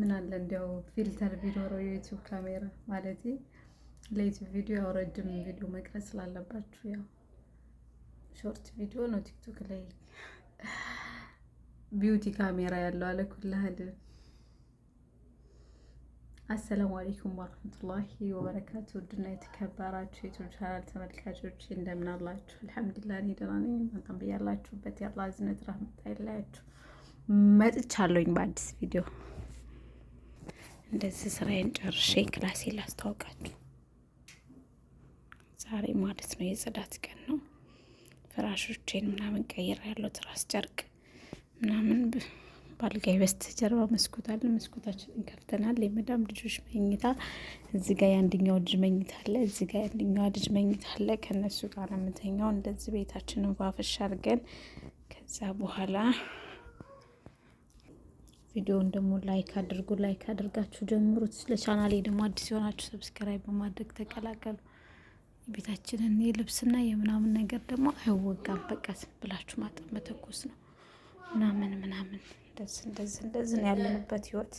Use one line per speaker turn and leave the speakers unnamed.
ምን አለ እንዲያው ፊልተር ቢኖረው የዩቲዩብ ካሜራ ማለት ለዩቲዩብ ቪዲዮ ያው ረጅም ቪዲዮ መቅረጽ ስላለባችሁ ያው ሾርት ቪዲዮ ነው። ቲክቶክ ላይ ቢዩቲ ካሜራ ያለው አለ ኩላህል። አሰላሙ አለይኩም ወረህመቱላሂ ወበረካቱ። ውድና የተከበራችሁ የዩቲዩብ ቻናል ተመልካቾች እንደምን አላችሁ? አልሐምዱሊላህ እኔ ደህና ነኝ። እናንተም ብያላችሁበት ያለ አዝነት ራህመት አይለያችሁ። መጥቻለሁኝ በአዲስ ቪዲዮ እንደዚህ ስራዬን ጨርሼ ክላሴ ላስታውቃችሁ። ዛሬ ማለት ነው የጽዳት ቀን ነው። ፍራሾቼን ምናምን ቀይር ያለው ትራስ ጨርቅ ምናምን ባልጋይ በስተጀርባ መስኮት አለ። መስኮታችንን ከፍተናል። የመዳም ልጆች መኝታ እዚ ጋ የአንደኛው ልጅ መኝታ አለ፣ እዚ ጋ የአንደኛዋ ልጅ መኝታ አለ። ከእነሱ ጋር ምተኛው እንደዚህ ቤታችንን ፏፈሽ አድርገን ከዛ በኋላ ቪዲዮውን ደግሞ ላይክ አድርጉ። ላይክ አድርጋችሁ ጀምሩት። ለቻናሌ ደግሞ አዲስ የሆናችሁ ሰብስክራይብ በማድረግ ተቀላቀሉ። የቤታችንን የልብስና የምናምን ነገር ደግሞ አይወጋም በቃት ብላችሁ ማጠብ መተኮስ ነው ምናምን ምናምን እንደዚህ እንደዚህ እንደዚህ ነው ያለንበት ህይወት።